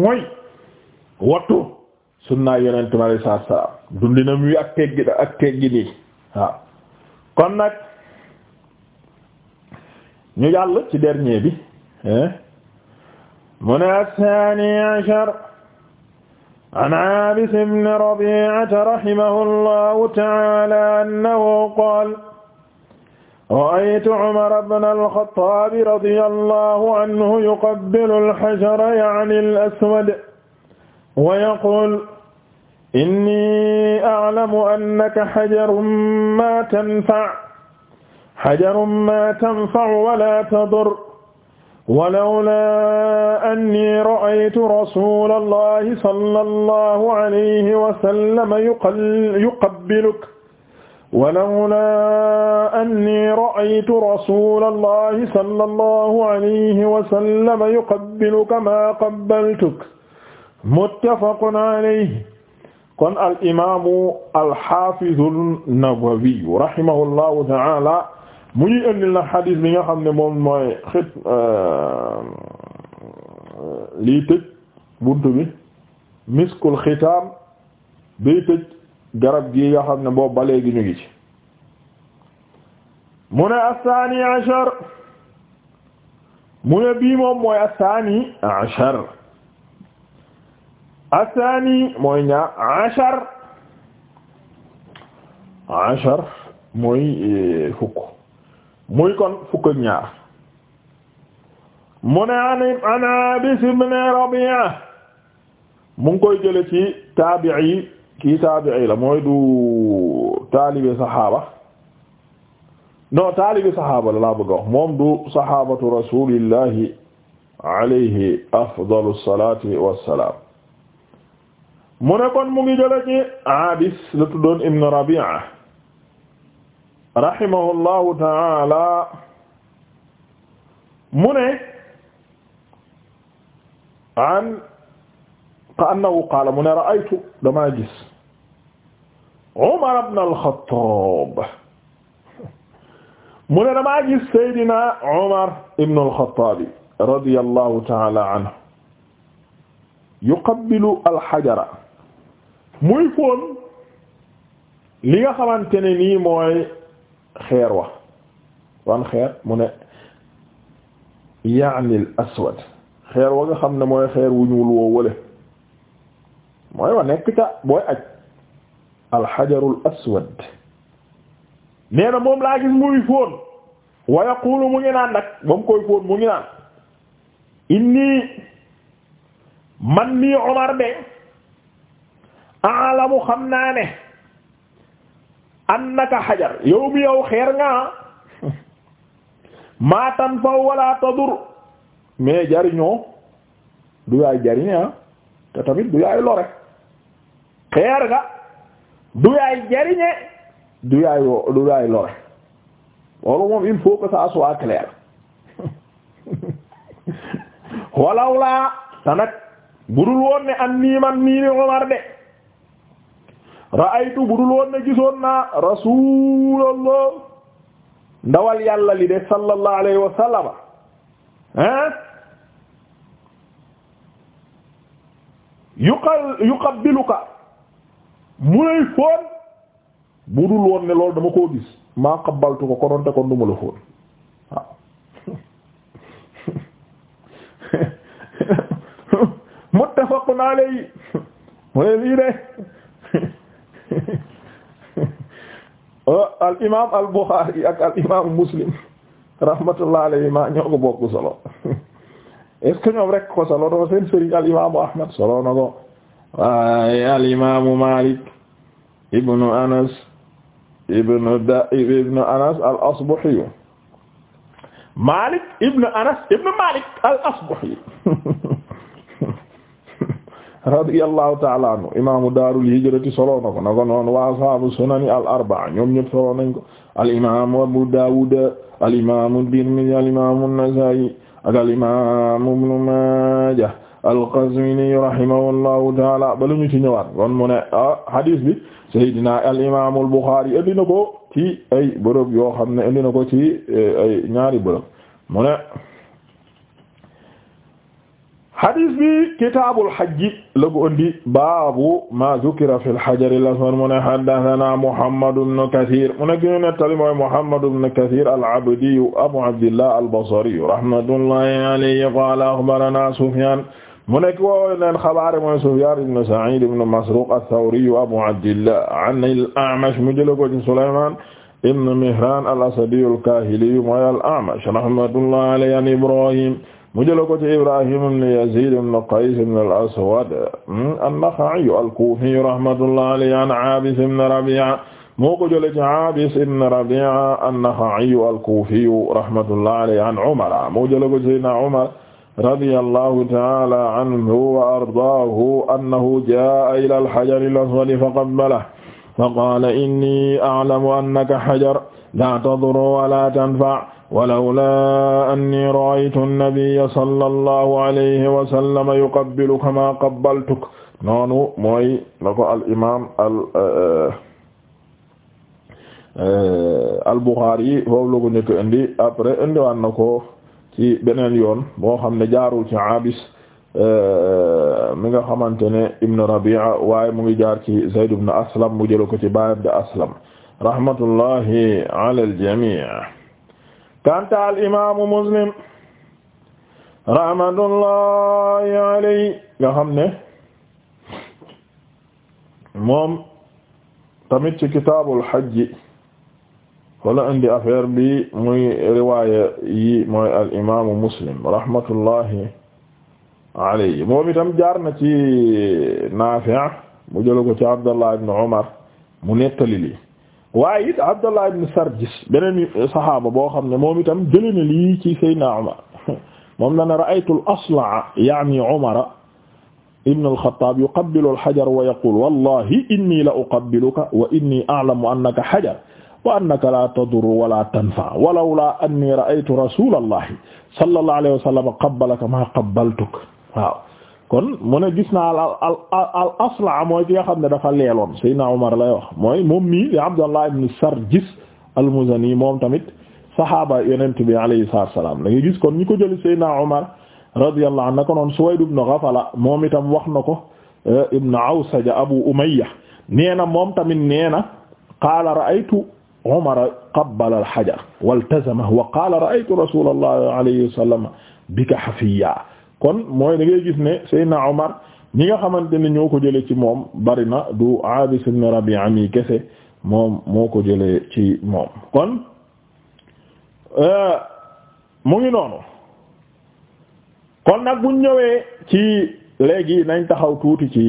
mooy wattu sunna yonent mi alayhi salaatu salaam dundinam wi ak teggi ak teggi nii waaw kon nag ñu jàll ci dernier bi mu ne athani ashar an Abis ibn Rabi'ata rahimahu llahu ta'ala annahu qaala رأيت عمر بن الخطاب رضي الله عنه يقبل الحجر يعني الأسود ويقول إني أعلم أنك حجر ما تنفع حجر ما تنفع ولا تضر ولولا أني رأيت رسول الله صلى الله عليه وسلم يقبلك ولولا أني رأيت رسول الله صلى الله عليه وسلم يقبلك ما قبلتك متفق عليه kon al imaamu alxaafizu Nawawi rahimahullahu ta'ala mu ñuy indil na xadis bi nga xam ne moom mooy xit euh, lii tëj buntu bi miskul xitaam bay tëj garab gi nga xam ne boobu ba léegi ñu ngi ci mu ne assaani ashar mu ne bii moom mooy assaani ashar assaani mooy ñaar ashar ashar mooy eh, fukk muy kon fukk ak ñaar mu ne an Abis ibn Rabi'a mu ngi koy jële ci taabi'i kii taabi'i la mooy du taalibe saxaaba non taalibe saxaaba la laa bëgg a wax moom du saxaabatu rasuulillahi alayhi afdalu salaati wassalaam mu ne kon mu ngi jële ci Abis la tuddoon ibn Rabi'a rahimahullahu ta'ala mu ne an annahu qaala mu ne ra'aytu damaa gis Umar ibn al-Khattab mu ne damaa gis Seydina Umar ibn al-Khattab radiyallahu ta'ala anhu yuqabbilu al-hajara muy foon li nga xamante ne nii mooy xeer wa wan xeer mu ne ya'ni al-aswad xeer wa nga xam ne mooy xeer wu ñuul woo wële mooy wa nekk ca booy aj alxajarul aswad nee na moom laa muy fóon wa yaqulu mu ngi naan nag ba koy fóon mu ngi naan inni man nii Omar de aalamu xam naa ne annaka xajar yow mi yow xeer ngaa maa tanfaw wala tadur mais jariñoo du yaay jariñe ah tamit du yaay lore xeer nga du yaay jariñe du lore loolu moom il faut que ça soit clair budul woon ne an ni Umar de ra'aytu budul woon ne rasuulallah ndawal yàlla de sallallahu alayhi wa sallam hein yuqabbiluka mu lay fóon bu dul woon ne loolu dama koo gis maa xabaltu ko kononte kon du ma la fóon waaw muttafaqun alayhi mu ne lii de oh, al imaam al Buxaari ak al imaam Muslim rahmatullah alayhi ma ñoo ko bokk solo est-ce que ñoom rek ko solo dafa seen sëriñ al imaamu Ahmad solo na ko waaye al imaamu Malik ibnu Anas ibnu da ibnu Anas al Asbahi Malik ibnu Anas ibnu Malik al Asbahi radiyallahu ta'ala anhu imaamu daarul hijrati solo na ko na ko noonu wa ashaabu sunani al arba'a ñoom ñëpp solo nañ ko al imaamu Abu Dawud al imaamu Tirmidhi al imaamu Nasaa'i ak al imaamu Ibnu Maajah al-Qazwini rahimahullahu taala bala ñu ci ñëwaat kon mu ne ah hadis bi Seydina al imaamu al Buxaari indi na ko ci ay bërëb yoo xam ne indi na ko ci eh, ay ñaari bërëb mu ne hadis bi kitaabul hajji la ko indi baabu ma zukira fil hajar al aswad mu ne haddathana Muhammad ibn Kathir mu ne gënu nettali mooy Muhammad ibn Kathir al abdi abu abdillah al basri rahmatullahi alayhi qala akhbarana Sufyan mu nekk woo leen xabaar mooy Sufyaan ibn Sa'iid ibn Masruuq ath-Thawri Abu Abdillah an al-A'mash mu jëlee ko ci Sulaymaan ibn Mihraan al-Asadi al-Kaahili mooy al-A'mash rahmatullahi alayhi an Ibraahiim mu jëlee ko ci Ibraahiim ibn Yaziid ibn Qays ibn al-Aswad an-Nakha'i al-Kuufi rahmatullahi alayhi an Aabis ibn Rabi'a moo ko jëlee ci Aabis ibn Rabi'a an-Nakha'i al-Kuufi rahmatullahi alayhi an Umar moo jëlee ko ci Sayyidina Umar radiyallahu ta'ala anhu wa ardaahu annahu jaa'a ila al-hajar al-aswad faqabbalahu fa qaala inni a'lamu annaka hajar laa tadurru wa laa tanfa' wa lawlaa anni ra'aytu an-nabiyya sallallahu alayhi wa sallam yuqabbiluka kamaa qabbaltuka noonu mooy la ko al-imaam al-Buxaari euh, euh, foofu la ko njëkk a indi après indiwaat na ko. ci beneen yoon boo xam ne jaarul ci abis euh, mi nga xamante ne ibn Rabi'a waaye mu ngi jaar ci Zayd ibn Aslam mu jël ko ci baayam de Aslam rahmatullahi ala al-jami' kanta al-imaamu Muslim rahmatullahi alayhi nga xam ne moom tamit ci kitaabul hajj wala indi affaire bi muy riwaaya yi mooy al imaamu muslim rahmatullahi alayhi moom itam jaar na ci Naafi' mu jëla ko ci Abdallah ibn Umar mu nettali lii waaye it Abdallah ibn Sarjis beneen saxaaba boo xam ne moom itam jëlee na lii ci Seydina Umar moom la ne ra'aytu al-Asla'a ya'ni Umar ibn al-Khattab yuqabbilu al-hajar wa yaqulu wallahi inni la uqabbiluka wa inni a'lamu annaka hajar wa annaka la tadurru wala tanfa walawla anni ra'aytu rasulallahi sallallahu alayhi wa ma qabbaltuk waaw kon ne naa al al al asla nga xam ne dafa leeloon Seydina Omar lay wax mooy moom mii di Abdallah ibn Sarjis al-Muzani moom tamit saxaaba yonent bi alayhi salaam gis kon ñi ko jëli Seydina Omar radiyallahu Suwayd ibn Ghafala moom itam wax na ko eh, ibn Awsaja Abu Umayya nee moom tamit nee na ra'aytu Umar qabbala al-hajar waltazamahu wa qaala ra'aytu rasuulallahi alayhi wa sallam bika hafiyya kon mooy da ngay gis ne Seydina Umar ñi nga xamante ne ñoo ko jëlee ci moom bari na du Aabis ibn Rabi'a mi kese moom moo ko jëlee ci moom kon euh, mu ngi noonu kon nag buñ ñëwee ci léegi nañ taxaw tuuti ci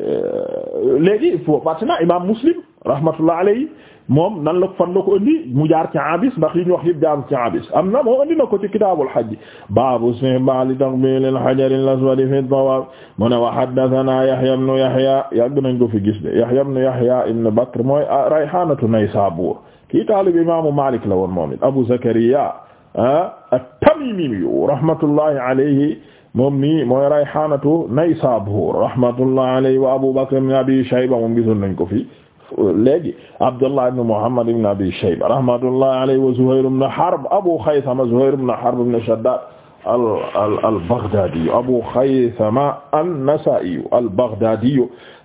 euh, léegi fo parti na imaam Muslim rahmatullah alayhi moom nan la fan la ko indi mu jaar ci abis ndax li ñu wax yëpp jaar ci abis am na moo indi na ko ci kitaabul hajj baabu istihbaab taqbiil al-hajar al-aswad fi at-tawaaf mu ne wa haddathanaa Yahya ibn Yahya yàgg nañ ko fi gis de Yahya ibn Yahya ibn Bakr mooy rayhaanatu Naysaabuur kii taalib imaamu Maalik la woon moom it Abu Zakariya ah, at-Tamiimi rahmatullahi alayhi moom nii mooy rayhaanatu Naysaabuur rahmatullahi alayhi wa Abu Bakr ibn Abi Shayba moom gisoon nañ ko fi léegi Abdullah ibn Muhammad ibn Abi Shayba rahmatullahi alayhi wa Zuhayr ibn Harb Abu Khaythama Zuhayr ibn Harb ibn Shaddad al al Baghdadi Abu Khaythama an-Nasa'i al-Baghdadi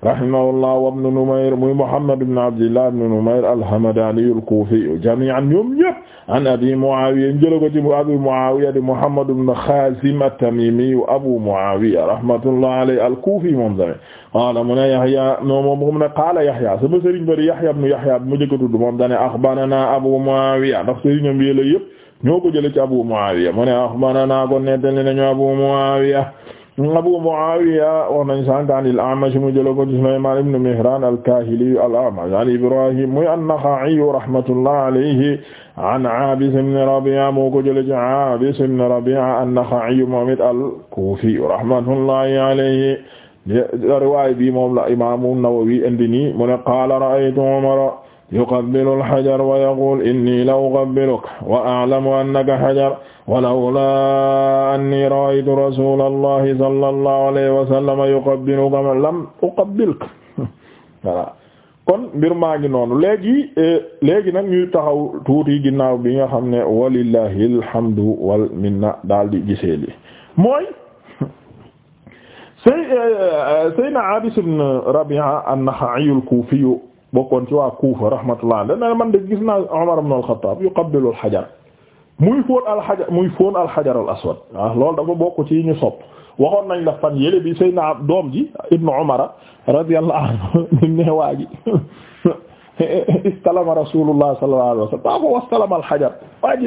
rahimahullah wa ibn Numayr muy Muhammad ibn Abdillah ibn Numayr al-Hamadani al-Kufi jami'an ñoom ñëpp an Abi Muawiya jël ko ci Abi Muawiya di Muhammad ibn Khazim at-Tamimi Abu Muawiya rahmatullah alayhi al-Kufi moom tamit qaala mu ne Yahya moom moom ne qaala Yahya sama sëriñ bari Yahya ibn Yahya mu jëkk tudd moom dane akhbarana Abu Muawiya ndax sëriñam yëpp ñoo ko jëlee ci Abu Muawiya mu ne akhbarana ko nettali nañu Abu Muawiya Abu Muawiya wax nañ sànqaan il A'mash mu jëlee ko ci Sulaymaan ibn Mihraan al-Kaahili al-A'mash an Ibraahiim muy an-Nakha'i rahmatullah alayhi an Aabis ibn Rabi'a moo ko jëlee ci Aabis ibn Rabi'a an-Nakha'i moom it al-Kuufi rahmatullahi alayhi riwaaya bi moom la Imaam an-Nawawi indi nii mu ne qaala ra'aytu Umara yuqabbilu al-hajar wa yaqul inni la uqabbiluka wa a'lamu annaka hajar walawlaa anni ra'aytu rasulallahi sallallahu alayhi wa sallam yuqabbiluka lam uqabbilka voilà kon mbir maa ngi noonu léegi eh, léegi nag ñuy taxaw tuuti ginnaaw bi nga xam ne walillahi alhamdu wal minna daal di gisee li mooy Sayyidina eh, eh, Abis ibn Rabi'a an-Nakha'i al-Kufi on ci waa Kufa rahmatullah dana man de naa Umar ibn al-Khattab yuqabbilu al-hajar muy fóon alxajar muy fóon alxajar al aswad ah loolu dafa bokk ci ñu sopp waxoon nañ la fan yële bi sëy naa doom ji ibnu umara radiyallahu anhu nim ne waa ji istalama rasulullah sallallahu alayhi wasallam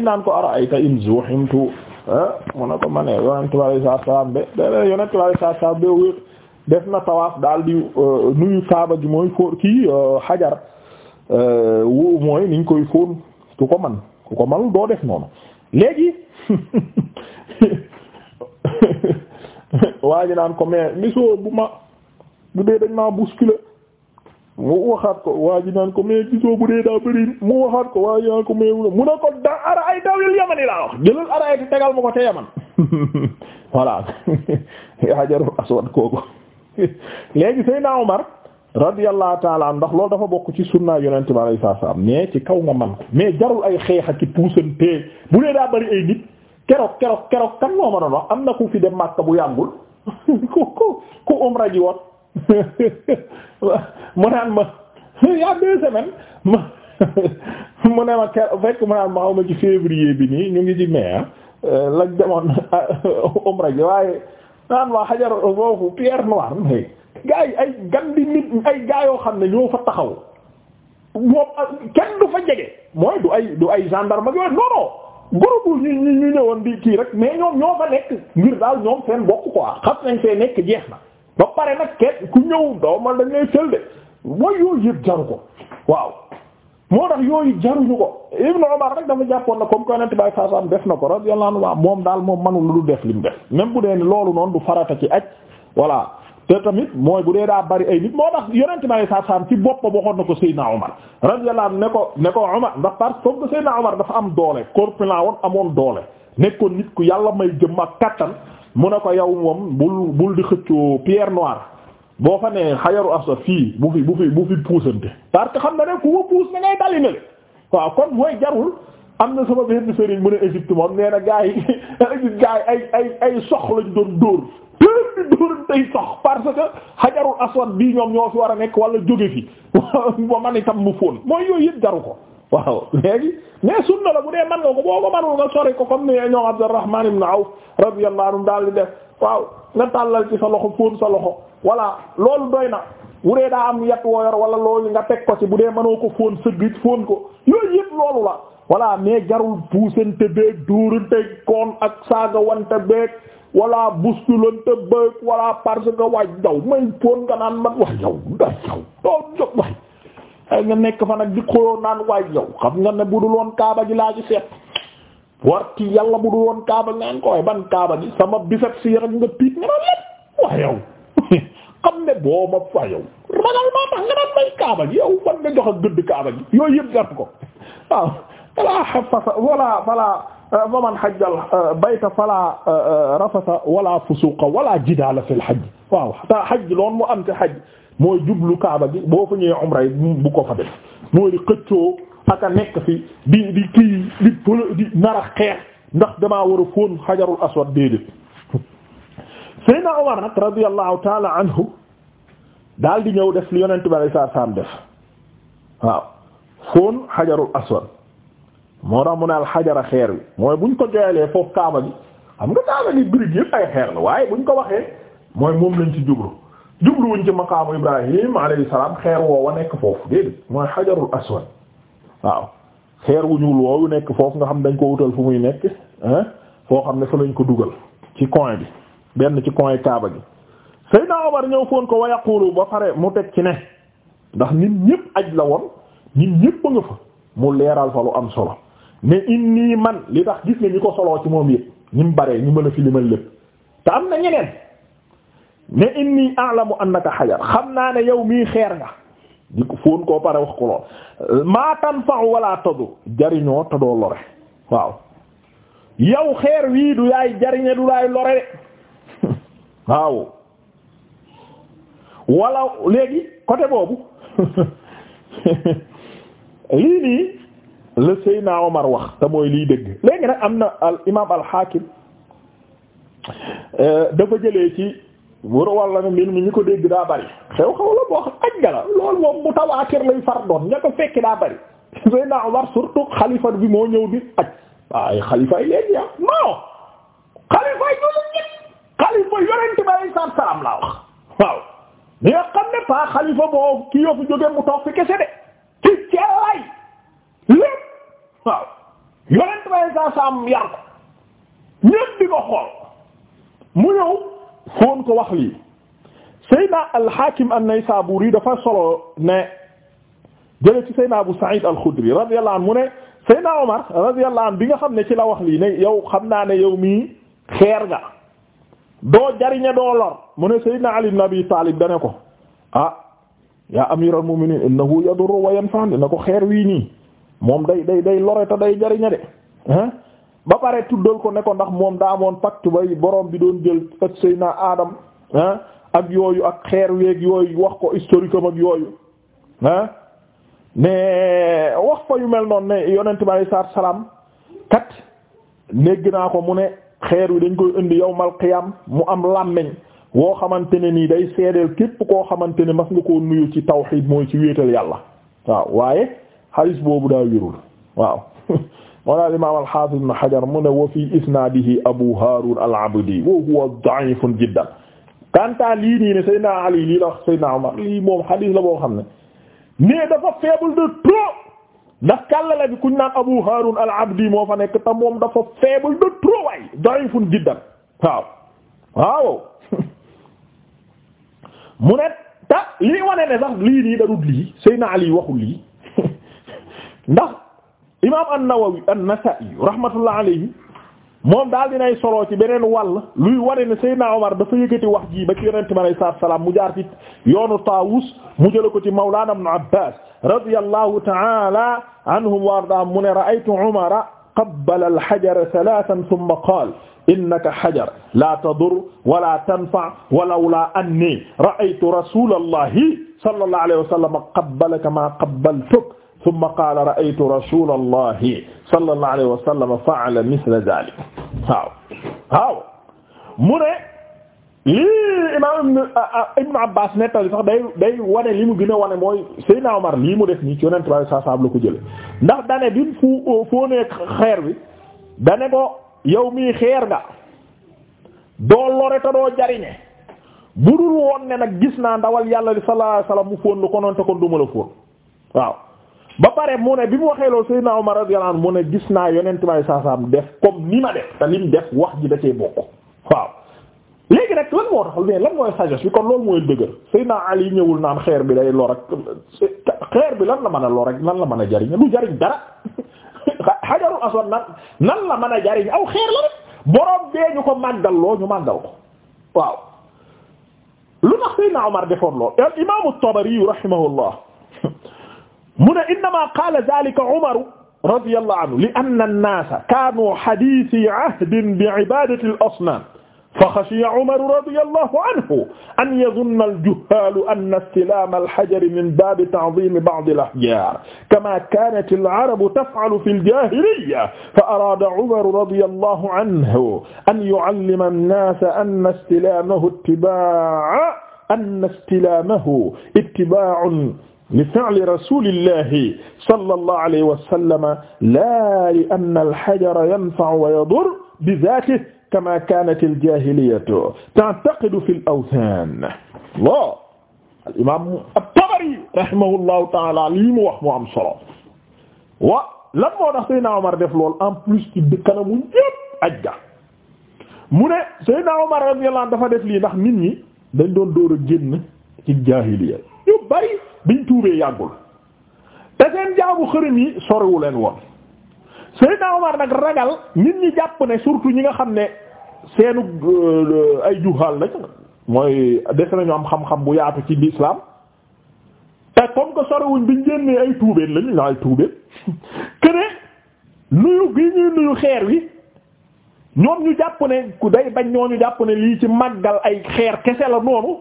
naan ko ara'ayta in zuhimtu ah, mu ne ko ma ne yonentu bi alayhi wa be d yonentu bi alayhi salaatu wa salaam be wéet def na tawaaf daal di euh, nuyu kaaba gi mooy fóor kii xajar euh, euh, wu mooy niñ koy fóon ku ko man ku ko manul doo def noonu léegi waa ji naan ko mais gisoo bu ma bu dee dañ maa bousculer mu waxaat ko waa ji naan ko mais gisoo bu dee daa bëri mu waxaat ko waa ji naan ko mais mu ne ko da ara ay dawil yaman yi laa wax jëlal ara ay tegal ma ko te yaman voilà hajarul aswad kooku léegi Seydina Omar radiyallahu taala an ndax loolu dafa bokk ci sunna yonente bi alayhi salaam mais ci kaw nga man ko mais jarul ay xeex ak i puusantee bu dee daa bari ay nit keroog keroog keroog kan moo ma doon wax am na ku fi dem Makka bu yàggul ku ku ku umra ji woon mu naan ma y'a deux semaines ma mu ne ma keroog fekk mu naan ma xaw ma ci février bi nii ñu ngi ci mai ah euh, lañ umra ji waaye naan waa xajar foofu pierre noire mais gars yi ay gan di ay gaa yoo xam ne ñoo fa taxaw moom kenn du fa jege mooy du ay du ay gendarme ma yooyu non non groupe ñu ñu ñu ñëwoon di kii rek mais ñoom ñoo fa nekk ngir daal ñoom seen ko quoi xam nañ fee nekk jeex na ba pare nag kenn ku ñëw doomal dañ lay sël de mooy yooyu yëpp jaru ko waaw. moo tax yooyu jaruñu ko Ibn Umar rek dafa jàppoon na comme que yonent bi saa saam def na ko radiyallahu anhu moom daal moom manul lu def lim def même bu dee ni loolu noon du farata ci aj voilà te tamit mooy bu dee daa bari ay nit moo tax yonent bi saa saam ci boppam waxoon na ko Seydina Umar radiyallahu anhu ne ko ne ko Umar ndax parce que Seydina Umar dafa am doole corpulent woon amoon doole nekkoon nit ku yàlla may jëm ak kattan mu ne ko yow moom bul bul di xëccoo pierre noire. boo fa nee xayaru aswad fii bu fi bu fi bu fi puusante parce que xam na ne ku ma puus na ngay dali le waaw kon mooy jarul am na sama benn sëriñ mu ne Égypte moom nee na gaa yi gaa yi ay ay ay sox lañ doon dóor dóor di tey sox parce que xajarul aswad bii ñoom ñoo fi war a nekk wala jóge fi ba man itam mu fóon mooy yooyu yëpp jaru ko waaw léegi mais sunna la bu dee man nga ko boo ko manul nga sori ko comme ni ñoo Abdurrahman ibn Awf radiyallahu anhu daal di def waaw nga tàllal ci sa loxo fóon sa loxo voilà loolu doy na bu dee daa am yat woo yor wala loolu nga teg ko ci bu dee mënoo ko fóon sëggit fóon ko yooyu yëpp loolu la voilà mais jarul puusante beeg duurante koon ak saaga wante beeg wala bustulante beeg wala parce que waaj daw may fóon nga naan man wax yow da yow ay nga nekk fa nag di xuloo naan waay yow xam nga ne bu dul woon kaaba ji laa ci seet warti yàlla bu dul woon kaaba ngaan ko waaye ban kaaba ji sama bisat si rek nga piit nga naan lépp waa yow ne boo ma fa yow ragal maa tax nga naan may kaaba ji yow fan nga jox a gëdd kaaba yooyu yëpp jàpp ko waaw falaa xafasa wala falaa euh, faman xajjal euh, bayta falaa euh, rafasa wala fusuqa wala jidaala fil xaj waaw ta loon mu am ci xaj mooy jublu kaaba bi boo fa ñëwee umra yi bu ko fa def mooy di xëccoo ak a nekk fi di di kii di pël di nar xeex ndax damaa war a fóon xajarul aswad déedéet Seydina Omar nag radiyallahu taala anhu daal di ñëw def li yonent bi alayhi salaam def waaw fóon xajarul aswad moo tax mu ne al xajara xeer bi mooy buñ ko jooyalee foofu kaaba gi xam nga kaaba gi birig yëpp ay xeer la waaye buñ ko waxee mooy moom lañ ci jublu jubluwuñ ci maqaamu Ibrahim alayhi salaam xeer woowa nekk foofu déedéet mooy xajarul aswad waaw xeer wu ñuul woowu nekk foofu nga xam dañ ko wutal fu muy nekk foo xam ne fa lañ ko dugal ci coin bi benn ci coin Kaaba gi Seydina Omar ñëw foon ko wa yaqulu ba pare mu teg ci ne ndax nit ñépp aj la woon nit ñépp fa mu leeral fa lu am solo ne inni man li tax gis nga ñu ko soloo ci moom yëpp ñi mu baree ñu ma a fi limal lépp te am na ñeneen. ne inni a'lamu annaka xajar xam naa ne yow mii xeer nga di ko fóon koo pare wax ko lool maa tanfa'u wala tadu jariñoo te lore waaw yow xeer wii du yaay jariñe du laay lore de waaw wala léegi côté boobu lii nii la Seydina Omar wax te mooy liy dëgg léegi nag am na imaam al euh, dafa jëlee ci mu rawal la ne mbir mi ñu ko dégg daa bari xew xew la boo xam aj gala loolu moom mutawaatir lay far doon ña ko fekki daa bari surtout xalifa bi moo ñëw di aj waaye xalifa yi léegi yaa ah. non salaam laa wax waaw mu toog fi xool mu ñëw. koon ko wax lii Seydina al-Hakim an-Naysaburi dafa solo ne jële ci Seydina Abu Sa'id al-Khudri radiyallahu anhu mu ne Seydina Omar radiyallahu anhu bi nga xam ne ci la wax lii ne yow xam naa ne yow mi xeer nga doo jariñe doo lor mu ne Seydina Ali ibn Abi Talib dane ko ah yaa amiral mu'minin innahu yadurru wa yanfa'u ne ko xeer wii moom day day lore te day jariñe de ba pare tuddal ko ne ndax moom daa amoon pacte bay boroom bi doon jël ak Seyna Adam ah ak yooyu ak xeer weeg yooyu wax ko historique am ak yooyu mais wax ko yu mel noonu ne yonent bi alei salaam kat négg naa ko mu ne xeer wi dañ koy indi yawmal qiyam mu am làmmeñ woo xamante ne nii day seedeel képp koo xamante ne mas nga koo nuyu ci tawxiid mooy ci wéetal yàlla waaw waaye xaalis boobu daa wérul waaw wala al-imaam al-haafiz mu ne wa isnaadihi Abu Haaruun al-Abdi wa huwa da'iifun jiddan kanta lii nii ne Seydina Ali lii la wax Seydina Umar moom xadiis la boo xam ne mais dafa faible de trop ndax kàllale bi kuñ naan Abu Haaruun al-Abdi moo fa nekk te moom dafa faible de trop waay da'iifun jiddan mu ne ta lii wane ne sax lii nii darut lii Seydina Ali waxul lii imaam an-Nawawi an-Nasa'i rahmatullah alayhi moom daal dinay soloo ci beneen wàll luy wane ne Seydina Omar dafa yëkkati wax ji ba ci yonent bi alayhi salaatu wa salaam mu jaar ci yoonu Taawus mu jëla ko ci Mawlaana Ibn Abbaas radiyallahu ta'ala anhum wa ardaahum mu ne ra'aytu Umara qabbala al-hajara salaasan thumma qaala innaka hajar laa tadur wala tanfa walawlaa annii ra'aytu rasuulallahi sallallahu alayhi wa sallam qabbalaka maa qabbaltuk thumma qaala ra'aytu rasulallahi sallallahu alayhi wa sallam fa'ala waaw mu ne lii ibnu Abbaas nettali sax day day wane li mu gën a wane mooy Seydina Omar lii mu def nii ci Yonent bi saa saab la ko jële ndax dane bi mu fu foo xeer bi dane ko yow mii xeer nga doo lore te doo jariñe bu dul woon ne nag gis naa ndawal yàlla li sallallahu alayhi wa sallam mu fóon la konoon te kon duma la fóon waaw ba pare mu ne bi mu waxee loolu Seydina Omar radiyallahu anhu mu gis naa yonent may saasaam def comme ni ma def te lim def wax ji da cee bokk waaw léegi rek lan moo tax lan mooy sagesse bi kon loolu mooy dëgër Seydina Ali ñëwul naan xeer bi day loo ak xeer bi lan la mën a loo rek lan la mën a jariñ lu jariñ dara nan la mën a jariñ aw xeer la rek boroom bee ñu ko màggal loo ñu màggal ko waaw lu tax Seydina Omar defoon lool al imaamu Tabari rahimahullah mu ne innama qaala zaalika Umaru radiyallahu anhu li anna an-naasa kaanu hadiisi ahdin bi ibaadati al-asnaam fa xashiya Umaru radiyallahu anhu an yazunna al-juhhaalu anna istilaama al-hajari min baabi ta'ziimi ba'di al-ahjaar kamaa kaanat al-arabu taf'alu fi al-jaahiliyya fa araada Umaru radiyallahu anhu an yu'allima an-naasa anna istilaamahu ittibaa' anna istilaamahu ittibaa' li fi'li rasulillahi sallallahu alayhi wa sallam la li anna al-hajara yanfa'u wa yadurru bi dhatihi kama kanat al-jahiliyatu ta'taqidu fi al-awthan Allah al-imam at-Tabari rahimahullahu ta'ala lii mu wax mu am solo wa lan moo tax Seydina Omar def lool en plus ci kanamu ñépp ajja mu ne Seydina Omar radiyallahu anhu dafa def lii ndax nit ñi dañ doon door a génn ci jaahiliya yu bari biñ tuubee yàggul te seen jaamu xërëm yi soriwu leen woon Seydina Omar nag ragal nit ñi jàpp ne surtout ñi nga xam ne seenu euh, ay juhaal lañ mooy des nañu am xam-xam bu yaatu ci l'islam te comme que soriwuñ biñ génnee ay tuubeen lañu ay tuubeen kene nuyu gi ñuy nuyu xeer wi ñoom ñu jàpp ne ku day bañ ñoo ñu jàpp ne lii ci màggal ay xeer kese la noonu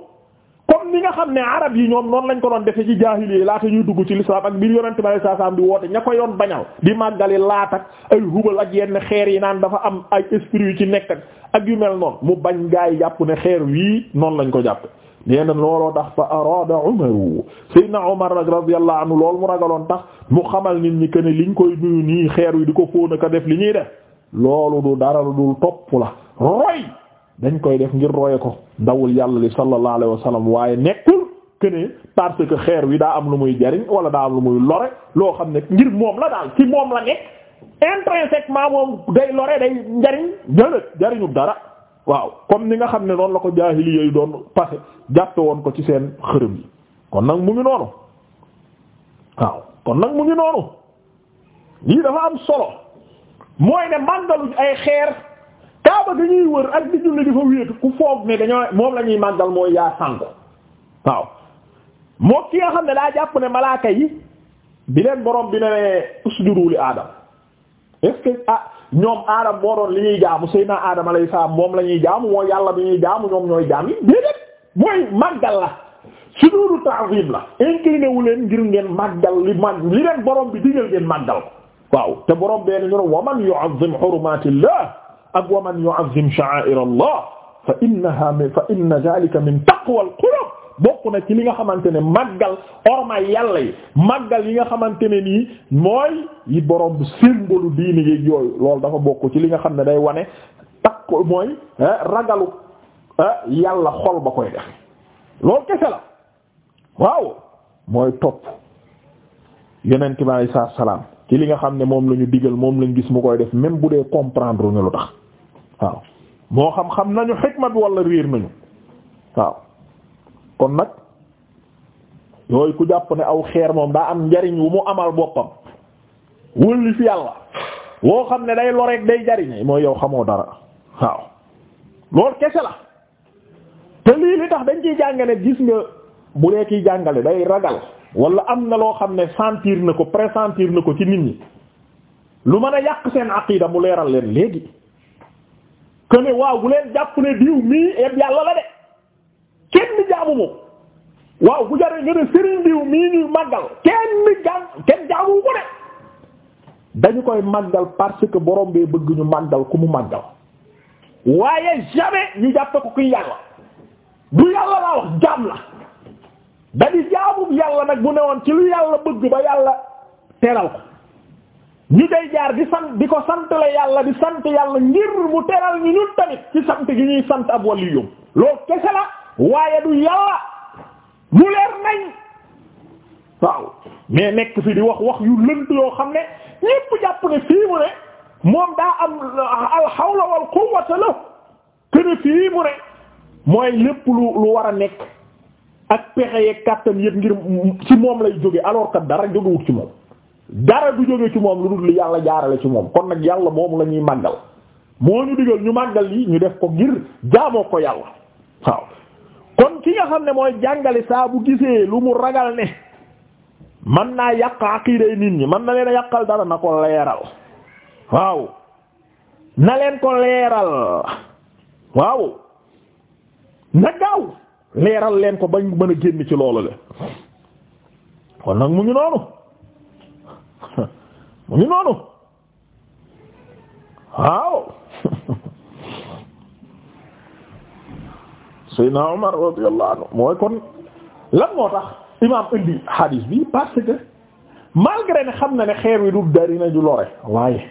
comme ni nga xam ne arab yi ñoom noonu lañ ko doon defe ci jaahiliya laata ñuy dugg ci l'islam ak biir yonente bi sallallahu bi woote ña ko yoon bañal di màggali laata ak ay hubal ak yenn xeer yi naan dafa am ay esprit yu ci nekk ak yu mel noonu mu bañ gaa yi jàpp ne xeer wii noonu lañ ko jàpp nee looloo tax fa arada Umaru Seydina Umar nag radiyallahu anhu loolu mu ragaloon tax mu xamal nit ñi que ne liñ koy nuyu nii xeer wi di ko fóon a def li ñuy def loolu du dara lu dul topp la roy dañ koy def ngir roye ko dawul yàlla li sallallahu alayhi wa sallam waaye nekkul que ne parce que xeer wi daa am lu muy jariñ wala daa am lu muy lore loo xam ne ngir moom la daal ci moom la nekk intrinsèquement moom day lore day jariñ jërët dara waaw comme ni nga xam ne noonu la ko jaahili yooyu doon passé jàppe woon ko ci seen xërëm yi kon nag mu ngi noonu waaw kon nag mu ngi noonu lii dafa am solo mooy ne màngaluñ ay xeer kaaba ga wër ak di julli di fa wéetu ku foog ne dañoo moom la ñuy màggal mooy yaa sànku waaw moo ki nga xam ne daa jàpp ne malaaka yi bi leen borom bi ne ne usjudu li aadam est ce que ah ñoom aadam boo doon li ñuy jaamu Seydina aadam alayhi salaam moom la ñuy jaamu mooy yàlla bi ñuy jaamu ñoom ñooy jaam yi déedéet mooy màggal la sujudu ta'zim la incliné wu leen ngir ngeen màggal li mag li leen borom bi digal ngeen màggal waaw te borom bee ne ak wa man yu'azzim sha'a'ir Allah fa innaha fa inna dhalika min taqwa al bokk na ci li nga xamante ne màggal orma yàlla yi màggal yi nga xamante ne nii mooy yi borom symbole diini yeeg yooyu loolu dafa bokk ci li nga xam ne day wane takk mooy ragalu yàlla xol ba koy def loolu kese la waaw mooy topp yeneen bi alei salaam ci li nga xam ne moom la ñu digal moom lañ gis mu koy def même bu dee comprendre ñu lu tax waaw moo xam xam nañu xikmat walla réer nañu waaw kon nag yooyu ku jàpp ne aw xeer moom daa am njariñ wu mu amal boppam wëlli fi yàlla woo xam ne day loreek day jariñ mooy yow xamoo dara waaw loolu kese la te lii li tax dañ ciy jàngale gis nga bu dee kiy jàngale day ragal wala am na loo xam ne sentir na ko pressentir na ko ci nit ñi lu mën a yàq seen aqida mu leeral leen léegi que waaw bu leen jàpp ne diw mii et yàlla la de kenn jaamu moom waaw bu jaree nga ne sëriñ diw mii ñuy màggal kenn jaam ko de dañu koy màggal parce que borom bee bëgg ñu màggal ku mu màggal waaye jamais ñu jàppe ko kuy yàlla bu yàlla laa wax jaam la da di yàlla nag bu newoon ci lu yàlla bëgg ba yàlla teral ko. ñu day jaar di sant di ko sant la yàlla di sant yàlla ngir mu teral ñu ñun tamit ci sant gi ñuy sant ab waliyum loolu kese la waaye du yàlla mu leer nañ waaw mais nekk fi di wax wax yu lënt yoo xam ne ñépp jàpp ne fii mu ne moom daa am alxawla wal quwwata la kene fii mu ne mooy lépp lu lu war a nekk ak pexe yeeg kàttan yëpp ngir ci moom lay jóge alors que dara jógewut ci moom dara du jóge ci moom lu dul li yàlla jaarale ci moom kon nag yàlla moom la ñuy màggal moo ñu digal ñu màggal lii ñu def ko ngir jaamoo ko yàlla waaw kon ki nga xam ne mooy jàngale saabu bu gisee lu mu ragal ne man naa yàq aqiiday nit ñi man na leen a yàqal dara na ko leeral waaw na leen ko leeral gaaw leeral leen ko bañ mën a génn ci loolu le kon nag mu ngi noonu mu ngi noonu waaw Seydina Umar radiyallahu anhu mooy kon lan moo tax imaam indi hadis bi parce malgré ne xam na ne xeer wi du dari na ju lore waaye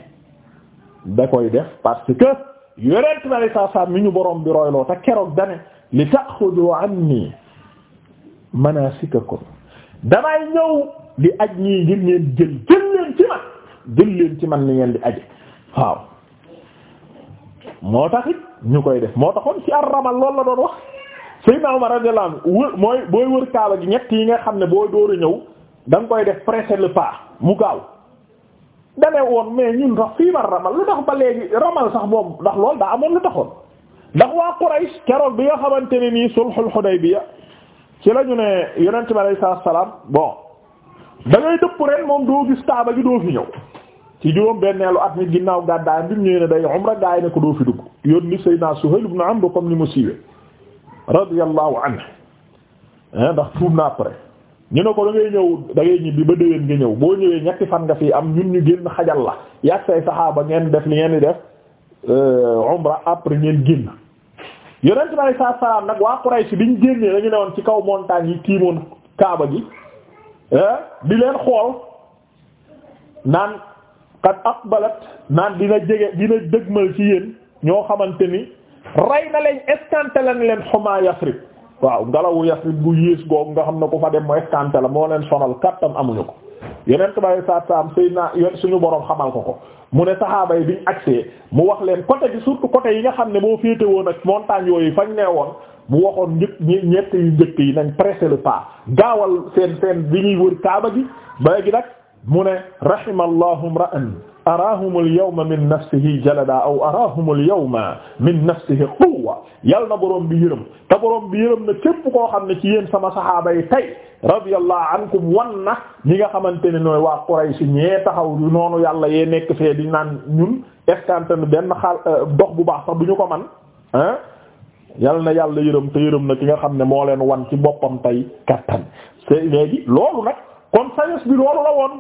da koy def parce que yorent na li saa saa mi ñu borom bi royloo te keroog dane li ta'khudhu anni manasikakum damay ñëw di aj ñii ngir ngeen jël jël leen ci man jël leen ci man ni ngeen di aje waaw moo tax it ñu koy def moo taxoon ci ar-ramal loolu la doon wax Seydina Umar radiyallahu anhu mooy booy wër kaaba gi ñett yi nga xam ne boo dóor a ñëw da koy def presser le pas mu gaaw dane woon mais ñun sax fii ba ramal lu tax ba léegi ramal sax moom ndax loolu daa amoon lu taxoon ndax waa Quraysh keroog bi nga xamante ne nii sulhul Hudaybiya ci la ñu ne yonent bi alayhi salaam bon da ngay dëpp ren moom doo gis taaba gi doo fi ñëw ci juróom benneelu ak mi ginnaaw gàddaay bi mu ñëwee ne day umra gaa yi ne ko doo fi dugg yónni Seydina Suhayl ibn Amr comme ni mu siiwee radiyallahu anhu eh, ndax tuub na après ñu ne ko da ngay ñëw da ngay ñibbi ba déwén nga ñëw boo ñëwee ñetti fan nga fi am ñun ñu xajal la yàgg say saxaaba ngeen def li ngeen di def eh, umra après ngeen génn yonent bi sa alayhi wasallam nag waa Quraysh biñ génnee dañu ne woon ci kaw montagne yi tiimoon kaaba gi Eh? di leen xool naan qad aqbalat naan dina jege dina dëgmal ci yéen ñoo xamante ni rey na leen escanté la leen xumaa Yasrib waaw ngelawu Yasrib bu yées googu nga xam ne ko fa dem mu escanté la moo leen sonal kattan amuñu ko yeneen tubaab saat saam sëy naa yon suñu borom xamal ko ko mu ne saxaaba yi biñ agsee mu wax leen côté bi surtout côté yi nga xam ne boo féete woon ak montagne yooyu fañ nee woon mu waxoon njëkk ñett yu njëkk yi nañ pressé le pas gaawal seen seen bi ñuy wër kaaba gi ba gi nag mu ne rahima allahu mra'an araahum alyawma min nafsihi jalada aw araahum alyawma min nafsihi quwwa yal na boroom bi yërëm te boroom bi na képp koo xam ne ci yéen sama saxaaba yi tey radiyallahu ankum wan na ñi nga xamante ne nooy waa Quraysh ñee taxaw yu noonu yàlla yee nekk fee di naan ñun escanté benn xaal euh, dox bu baax sax bu ñu ko man ah yal na yàlla yërëm yërëm na ki nga xam ne moo leen wan ci boppam tey kattan c'est léegi loolu nag kon sagesse bi loolu la woon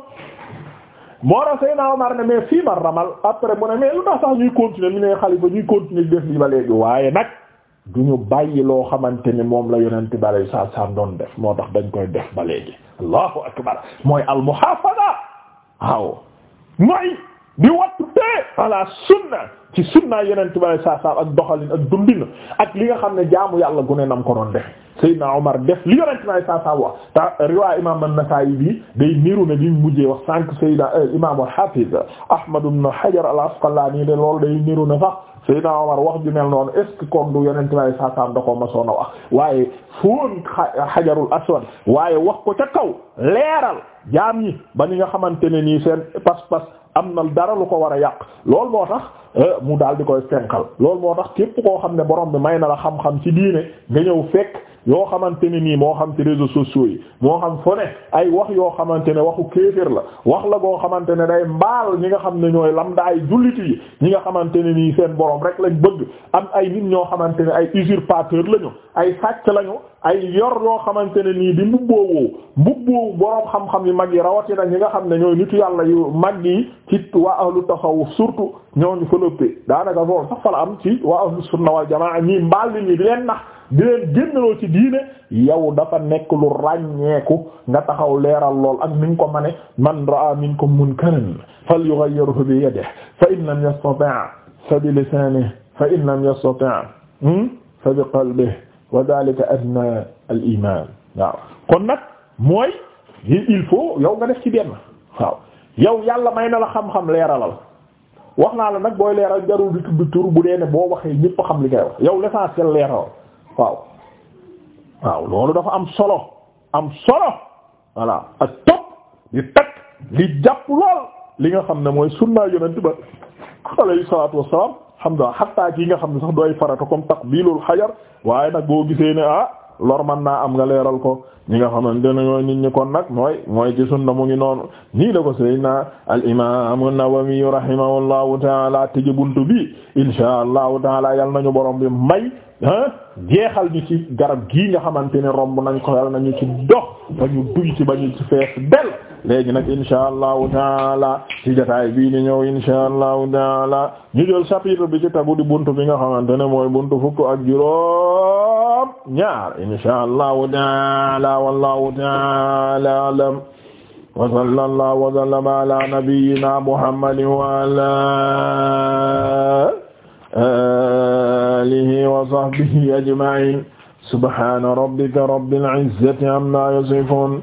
moo tax Seydina Omar ne mais fii ma ramal après mu ne mais lu tax sax ñuy continuer ñu ne xalifa ñuy continuer def lii ba léegi waaye nag du ñu bàyyi loo xamante ni moom la yonent bi alayhi salaatu salaam doon def moo tax dañ koy def ba léegi allahu akbar mooy al muhaafada waaw mooy di wattu tee ala sunna ci sunna yeneen tubaab yi saa ak doxalin ak dundin ak li nga xam ne jaamu yàlla gu ne nam ko doon Seydina Omar def li yonent bi saa saa wax te riwaa imaam an-Nasaa'i bi day niru ne liñ mujjee wax sànq Seydina euh, imaam al-Haafiz Ahmad ibn Hajar al-Asqalaani de loolu day niru ne sax Seydina Omar wax ju mel noonu est ce que kon du yonent bi saa saa da koo masoon a wax waaye foon Hajarul Aswad waaye wax ko ca kaw leeral jaam ñi ba ni nga xamante ne nii seen pas-pas am na dara lu ko war a yàq lool moo tax euh, mu daal di koy fenkal lool moo tax képp koo xam ne borom bi may na la xam-xam ci diine nga ñëw fekk. yoo xamante ne nii moo xam ci réseaux sociaux yi moo xam fo ay wax yoo xamante ne waxu kéeféer la wax la goo xamante ne day mbaal ñi nga xam ne ñooy lam lamdaay jullit yi ñi nga xamante ne nii seen borom rek lañ bëgg am ay nit ñoo xamante ne ay usurpateur lañu ay sàcc lañu ay yor yoo xamante ne nii di mbubboowoo mbubboowu boroom xam-xam yu mag yi rawatina ñi nga xam ne ñooy nitu yàlla yu mag yi ci waa ahlu tasawuf surtout ñooñu fa lëppee daanaka loolu sax fa am ci waa ahlu sunna wal jamaa ñii mbaal di leen génnaloo ci diine yow dafa nekk lu ràññeeku nga taxaw leeral lool ak ni ko mane man ra'a minkum munkaran falyughayyirhu bi yadihi fa in lam yastati' fa bi lisanihi fa in lam yastati' hmm, fa bi qalbihi kon nag mooy il nga def ci benn waaw yàlla may na la xam leeralal wax naa la nag booy leeral jarul di tudd bu dee ne boo waxee ñëpp xam li ngay wax yow l'essentiel waaw waaw loolu dafa am solo am solo voilà ak topp di takk di jàpp lool li nga xam ne mooy sunnaa yonent ba alayhi salaatu wassalaam xam nga xatta ki nga xam ne sax doy farata comme taqbilul xajar waaye nag boo gisee ne ah lor man naa am nga leeral ko ñi nga xamante ne ñooy nit ñi kon nag mooy mooy ci na mu ngi noonu nii la ko sayyidina al imam an-Nawawi rahimahullahu taala tëj buntu bi insha allahu taala yal nañu borom bi may ah jeexal ñu ci garab gii nga xamante ne romb nañ ko yal nañu ci dox ba ñu duy ci ba ñu fees del léegi nag insha allahu taala ci jotaay bii ni ñëw insha allahu taala ñu jël chapitre bi ci tagu di buntu bi nga xamante ne mooy buntu fukk ak juróom ñaar insha allahu taala wallahu taala alam wa sallallahu wa sallama ala nabiyyina muhammadin wa ala alihi wa sahbihi ajma'in subhana rabbika rabbil izzati amma yasifun